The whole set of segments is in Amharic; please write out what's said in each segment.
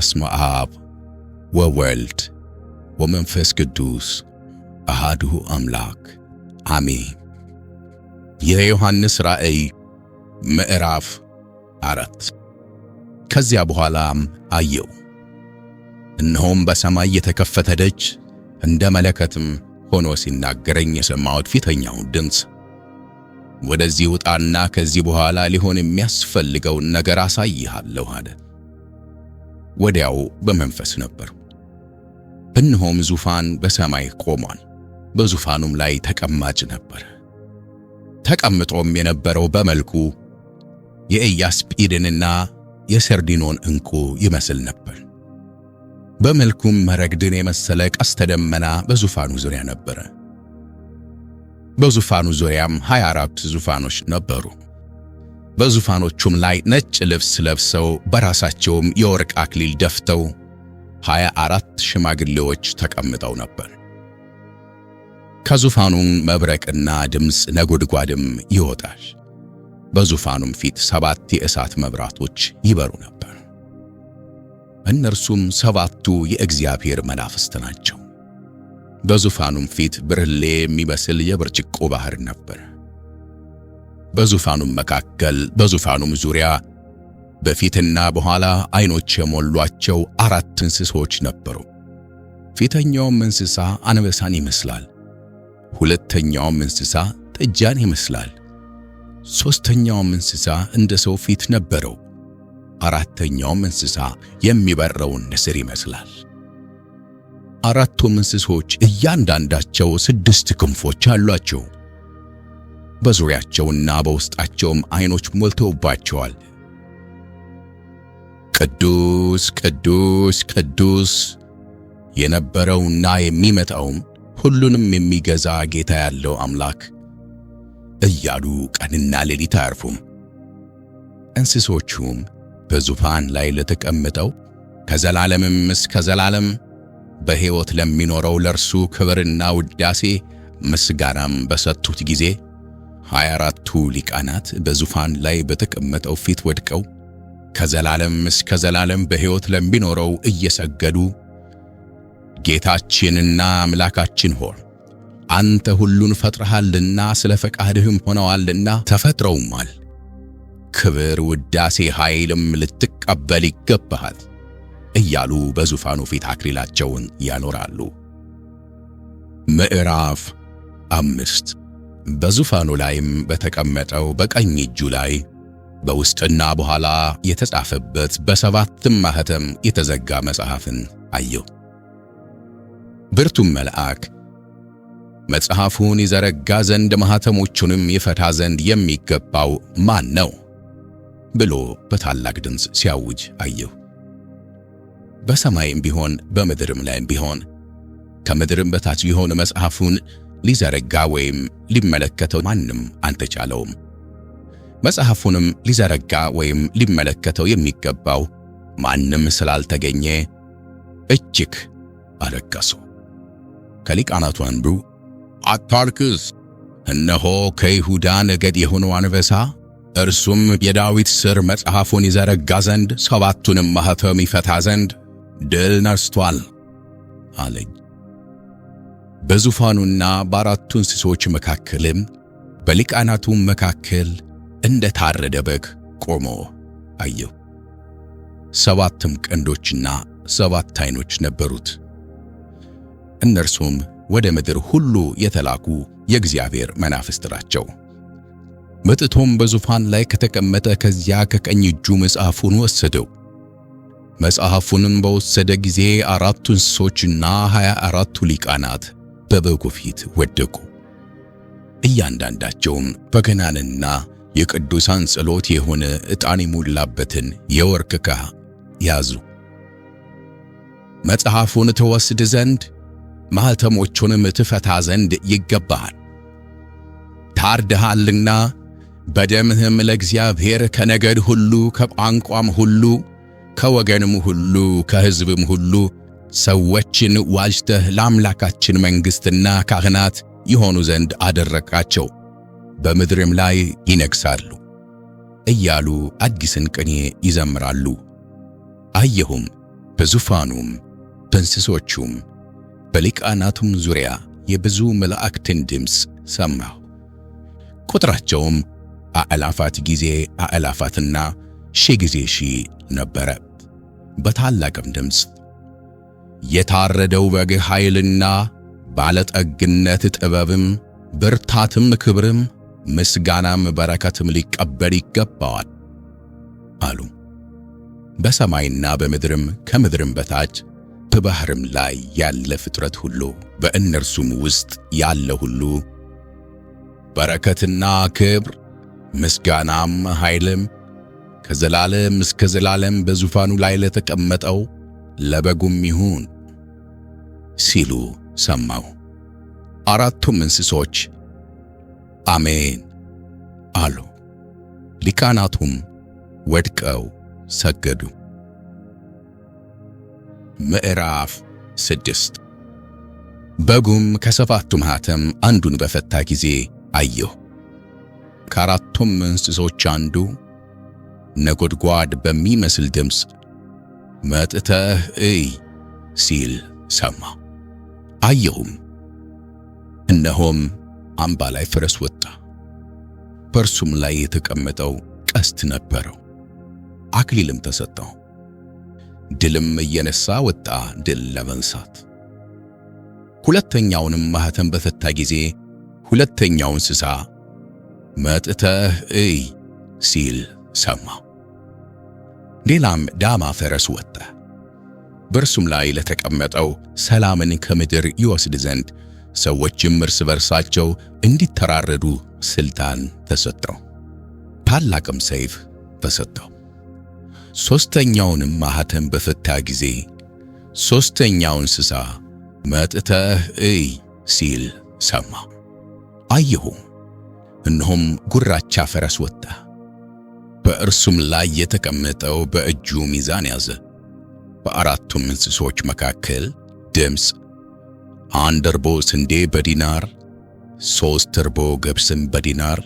በስመ አብ ወወልድ ወመንፈስ ቅዱስ አሃድሁ አምላክ አሜን። የዮሐንስ ራእይ ምዕራፍ አራት ከዚያ በኋላም አየው፣ እነሆም በሰማይ የተከፈተ ደጅ እንደ መለከትም ሆኖ ሲናገረኝ የሰማሁት ፊተኛውን ድምፅ ወደዚህ ውጣና ከዚህ በኋላ ሊሆን የሚያስፈልገውን ነገር አሳይሃለሁ አለ። ወዲያው በመንፈስ ነበር። እነሆም ዙፋን በሰማይ ቆሟል፣ በዙፋኑም ላይ ተቀማጭ ነበር። ተቀምጦም የነበረው በመልኩ የኢያስጲድንና የሰርዲኖን ዕንቁ ይመስል ነበር። በመልኩም መረግድን የመሰለ ቀስተ ደመና በዙፋኑ ዙሪያ ነበረ። በዙፋኑ ዙሪያም 24 ዙፋኖች ነበሩ። በዙፋኖቹም ላይ ነጭ ልብስ ለብሰው በራሳቸውም የወርቅ አክሊል ደፍተው ሀያ አራት ሽማግሌዎች ተቀምጠው ነበር። ከዙፋኑም መብረቅና ድምፅ ነጎድጓድም ይወጣል። በዙፋኑም ፊት ሰባት የእሳት መብራቶች ይበሩ ነበር። እነርሱም ሰባቱ የእግዚአብሔር መናፍስት ናቸው። በዙፋኑም ፊት ብርሌ የሚመስል የብርጭቆ ባሕር ነበር። በዙፋኑም መካከል በዙፋኑም ዙሪያ በፊትና በኋላ አይኖች የሞሏቸው አራት እንስሶች ነበሩ። ፊተኛውም እንስሳ አንበሳን ይመስላል። ሁለተኛውም እንስሳ ጥጃን ይመስላል። ሦስተኛውም እንስሳ እንደ ሰው ፊት ነበረው። አራተኛውም እንስሳ የሚበረውን ንስር ይመስላል። አራቱም እንስሶች እያንዳንዳቸው ስድስት ክንፎች አሏቸው። በዙሪያቸውና በውስጣቸውም አይኖች ሞልተውባቸዋል። ቅዱስ ቅዱስ ቅዱስ የነበረውና የሚመጣውም ሁሉንም የሚገዛ ጌታ ያለው አምላክ እያሉ ቀንና ሌሊት አያርፉም። እንስሶቹም በዙፋን ላይ ለተቀመጠው ከዘላለምም እስከ ዘላለም በሕይወት ለሚኖረው ለእርሱ ክብርና ውዳሴ ምስጋናም በሰጡት ጊዜ ሃያ አራቱ ሊቃናት በዙፋን ላይ በተቀመጠው ፊት ወድቀው ከዘላለም እስከ ዘላለም በሕይወት ለሚኖረው እየሰገዱ ጌታችንና አምላካችን ሆይ አንተ ሁሉን ፈጥረሃልና ስለ ፈቃድህም ሆነዋልና ተፈጥረውማል። ክብር፣ ውዳሴ፣ ኃይልም ልትቀበል ይገባሃል እያሉ በዙፋኑ ፊት አክሊላቸውን ያኖራሉ። ምዕራፍ አምስት በዙፋኑ ላይም በተቀመጠው በቀኝ እጁ ላይ በውስጥና በኋላ የተጻፈበት በሰባትም ማኅተም የተዘጋ መጽሐፍን አየሁ። ብርቱም መልአክ መጽሐፉን ይዘረጋ ዘንድ ማኅተሞቹንም ይፈታ ዘንድ የሚገባው ማን ነው? ብሎ በታላቅ ድምፅ ሲያውጅ አየሁ። በሰማይም ቢሆን በምድርም ላይም ቢሆን ከምድርም በታች ቢሆን መጽሐፉን ሊዘረጋ ወይም ሊመለከተው ማንም አልተቻለውም። መጽሐፉንም ሊዘረጋ ወይም ሊመለከተው የሚገባው ማንም ስላልተገኘ እጅግ አለቀሱ። ከሊቃናቱ አንዱ አታርክስ፣ እነሆ ከይሁዳ ነገድ የሆነው አንበሳ እርሱም የዳዊት ሥር መጽሐፉን ይዘረጋ ዘንድ ሰባቱንም ማኅተም ይፈታ ዘንድ ድል ነስቷል አለኝ። በዙፋኑና በአራቱ እንስሶች መካከልም በሊቃናቱም መካከል እንደ ታረደ በግ ቆሞ አየሁ። ሰባትም ቀንዶችና ሰባት ዓይኖች ነበሩት። እነርሱም ወደ ምድር ሁሉ የተላኩ የእግዚአብሔር መናፍስት ናቸው። መጥቶም በዙፋን ላይ ከተቀመጠ ከዚያ ከቀኝ እጁ መጽሐፉን ወሰደው። መጽሐፉንም በወሰደ ጊዜ አራቱ እንስሶችና ሃያ አራቱ ሊቃናት በበጉ ፊት ወደቁ። እያንዳንዳቸውም በገናንና የቅዱሳን ጸሎት የሆነ ዕጣን የሞላበትን የወርቅ ካህ ያዙ። መጽሐፉን ትወስድ ዘንድ ማኅተሞቹንም ትፈታ ዘንድ ይገባሃል። ታርድሃልና በደምህም ለእግዚአብሔር ከነገድ ሁሉ፣ ከቋንቋም ሁሉ፣ ከወገንም ሁሉ፣ ከሕዝብም ሁሉ ሰዎችን ዋጅተህ ለአምላካችን መንግሥትና ካህናት ይሆኑ ዘንድ አደረግካቸው፣ በምድርም ላይ ይነግሣሉ እያሉ አዲስን ቅኔ ይዘምራሉ። አየሁም በዙፋኑም በእንስሶቹም በሊቃናቱም ዙሪያ የብዙ መላእክትን ድምፅ ሰማሁ። ቁጥራቸውም አእላፋት ጊዜ አእላፋትና ሺ ጊዜ ሺ ነበረ። በታላቅም ድምፅ የታረደው በግ ኃይልና ባለጠግነት ጥበብም፣ ብርታትም፣ ክብርም፣ ምስጋናም፣ በረከትም ሊቀበል ይገባዋል አሉ። በሰማይና በምድርም ከምድርም በታች በባህርም ላይ ያለ ፍጥረት ሁሉ በእነርሱም ውስጥ ያለ ሁሉ በረከትና ክብር ምስጋናም ኃይልም ከዘላለም እስከ ዘላለም በዙፋኑ ላይ ለተቀመጠው ለበጉም ይሁን ሲሉ ሰማሁ። አራቱም እንስሶች አሜን አሉ። ሊቃናቱም ወድቀው ሰገዱ። ምዕራፍ ስድስት በጉም ከሰባቱ ማኅተም አንዱን በፈታ ጊዜ አየሁ። ከአራቱም እንስሶች አንዱ ነጎድጓድ በሚመስል ድምፅ መጥተህ እይ ሲል ሰማ። አየሁም፣ እነሆም አምባ ላይ ፈረስ ወጣ። በእርሱም ላይ የተቀመጠው ቀስት ነበረው፣ አክሊልም ተሰጠው። ድልም እየነሳ ወጣ ድል ለመንሳት። ሁለተኛውንም ማኅተም በፈታ ጊዜ ሁለተኛው እንስሳ መጥተህ እይ ሲል ሰማ። ሌላም ዳማ ፈረስ ወጣ። በእርሱም ላይ ለተቀመጠው ሰላምን ከምድር ይወስድ ዘንድ ሰዎችም እርስ በርሳቸው እንዲተራረዱ ሥልጣን ተሰጠው። ታላቅም ሰይፍ ተሰጠው። ሦስተኛውንም ማኅተም በፈታ ጊዜ ሦስተኛው እንስሳ መጥተህ እይ ሲል ሰማ። አየሁም፣ እነሆም ጉራቻ ፈረስ ወጣ። በእርሱም ላይ የተቀመጠው በእጁ ሚዛን ያዘ። በአራቱም እንስሶች መካከል ድምፅ አንድ እርቦ ስንዴ በዲናር ሦስት እርቦ ገብስም በዲናር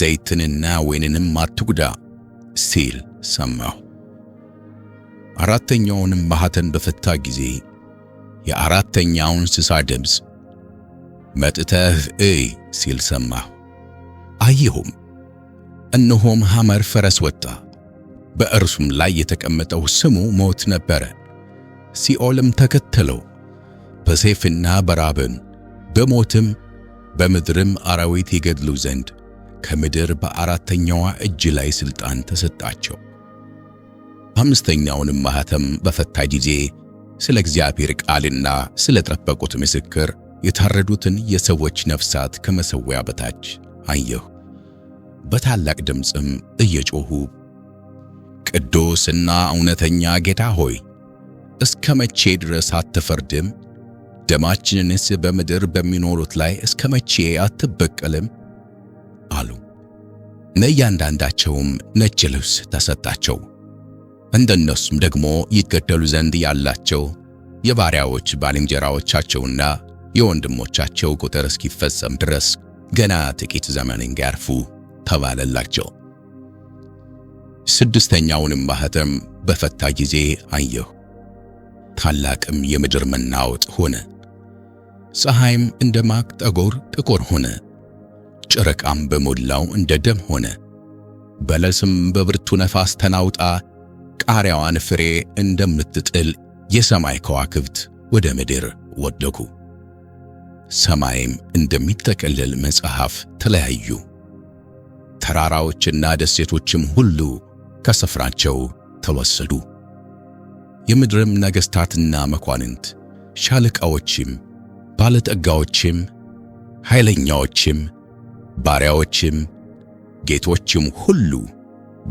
ዘይትንና ወይንንም አትጉዳ ሲል ሰማሁ። አራተኛውንም ማኅተም በፈታ ጊዜ የአራተኛውን እንስሳ ድምፅ መጥተህ እይ ሲል ሰማሁ። አየሁም እነሆም ሐመር ፈረስ ወጣ፣ በእርሱም ላይ የተቀመጠው ስሙ ሞት ነበረ። ሲኦልም ተከተለው፣ በሰይፍና በራብም በሞትም በምድርም አራዊት ይገድሉ ዘንድ ከምድር በአራተኛዋ እጅ ላይ ሥልጣን ተሰጣቸው። አምስተኛውንም ማኅተም በፈታ ጊዜ ስለ እግዚአብሔር ቃልና ስለ ጠበቁት ምስክር የታረዱትን የሰዎች ነፍሳት ከመሠዊያ በታች አየሁ። በታላቅ ድምፅም እየጮኹ ቅዱስና እውነተኛ ጌታ ሆይ እስከ መቼ ድረስ አትፈርድም? ደማችንንስ በምድር በሚኖሩት ላይ እስከ መቼ አትበቀልም? አሉ። ለእያንዳንዳቸውም ነጭ ልብስ ተሰጣቸው። እንደነሱም ደግሞ ይገደሉ ዘንድ ያላቸው የባሪያዎች ባልንጀራዎቻቸውና የወንድሞቻቸው ቁጥር እስኪፈጸም ድረስ ገና ጥቂት ዘመን እንዲያርፉ ተባለላቸው። ስድስተኛውንም ማህተም በፈታ ጊዜ አየሁ። ታላቅም የምድር መናወጥ ሆነ። ፀሐይም እንደ ማቅ ጠጎር ጥቁር ሆነ፣ ጨረቃም በሞላው እንደ ደም ሆነ። በለስም በብርቱ ነፋስ ተናውጣ ቃሪያዋን ፍሬ እንደምትጥል የሰማይ ከዋክብት ወደ ምድር ወደቁ። ሰማይም እንደሚጠቀለል መጽሐፍ ተለያዩ። ተራራዎችና ደሴቶችም ሁሉ ከስፍራቸው ተወሰዱ። የምድርም ነገሥታትና መኳንንት፣ ሻለቃዎችም፣ ባለጠጋዎችም፣ ኃይለኛዎችም፣ ባሪያዎችም፣ ጌቶችም ሁሉ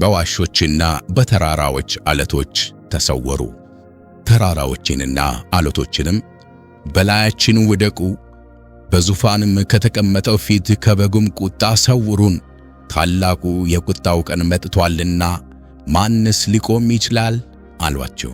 በዋሾችና በተራራዎች አለቶች ተሰወሩ። ተራራዎችንና አለቶችንም በላያችን ውደቁ፣ በዙፋንም ከተቀመጠው ፊት ከበጉም ቁጣ ሰውሩን ታላቁ የቁጣው ቀን መጥቷልና ማንስ ሊቆም ይችላል አሏቸው።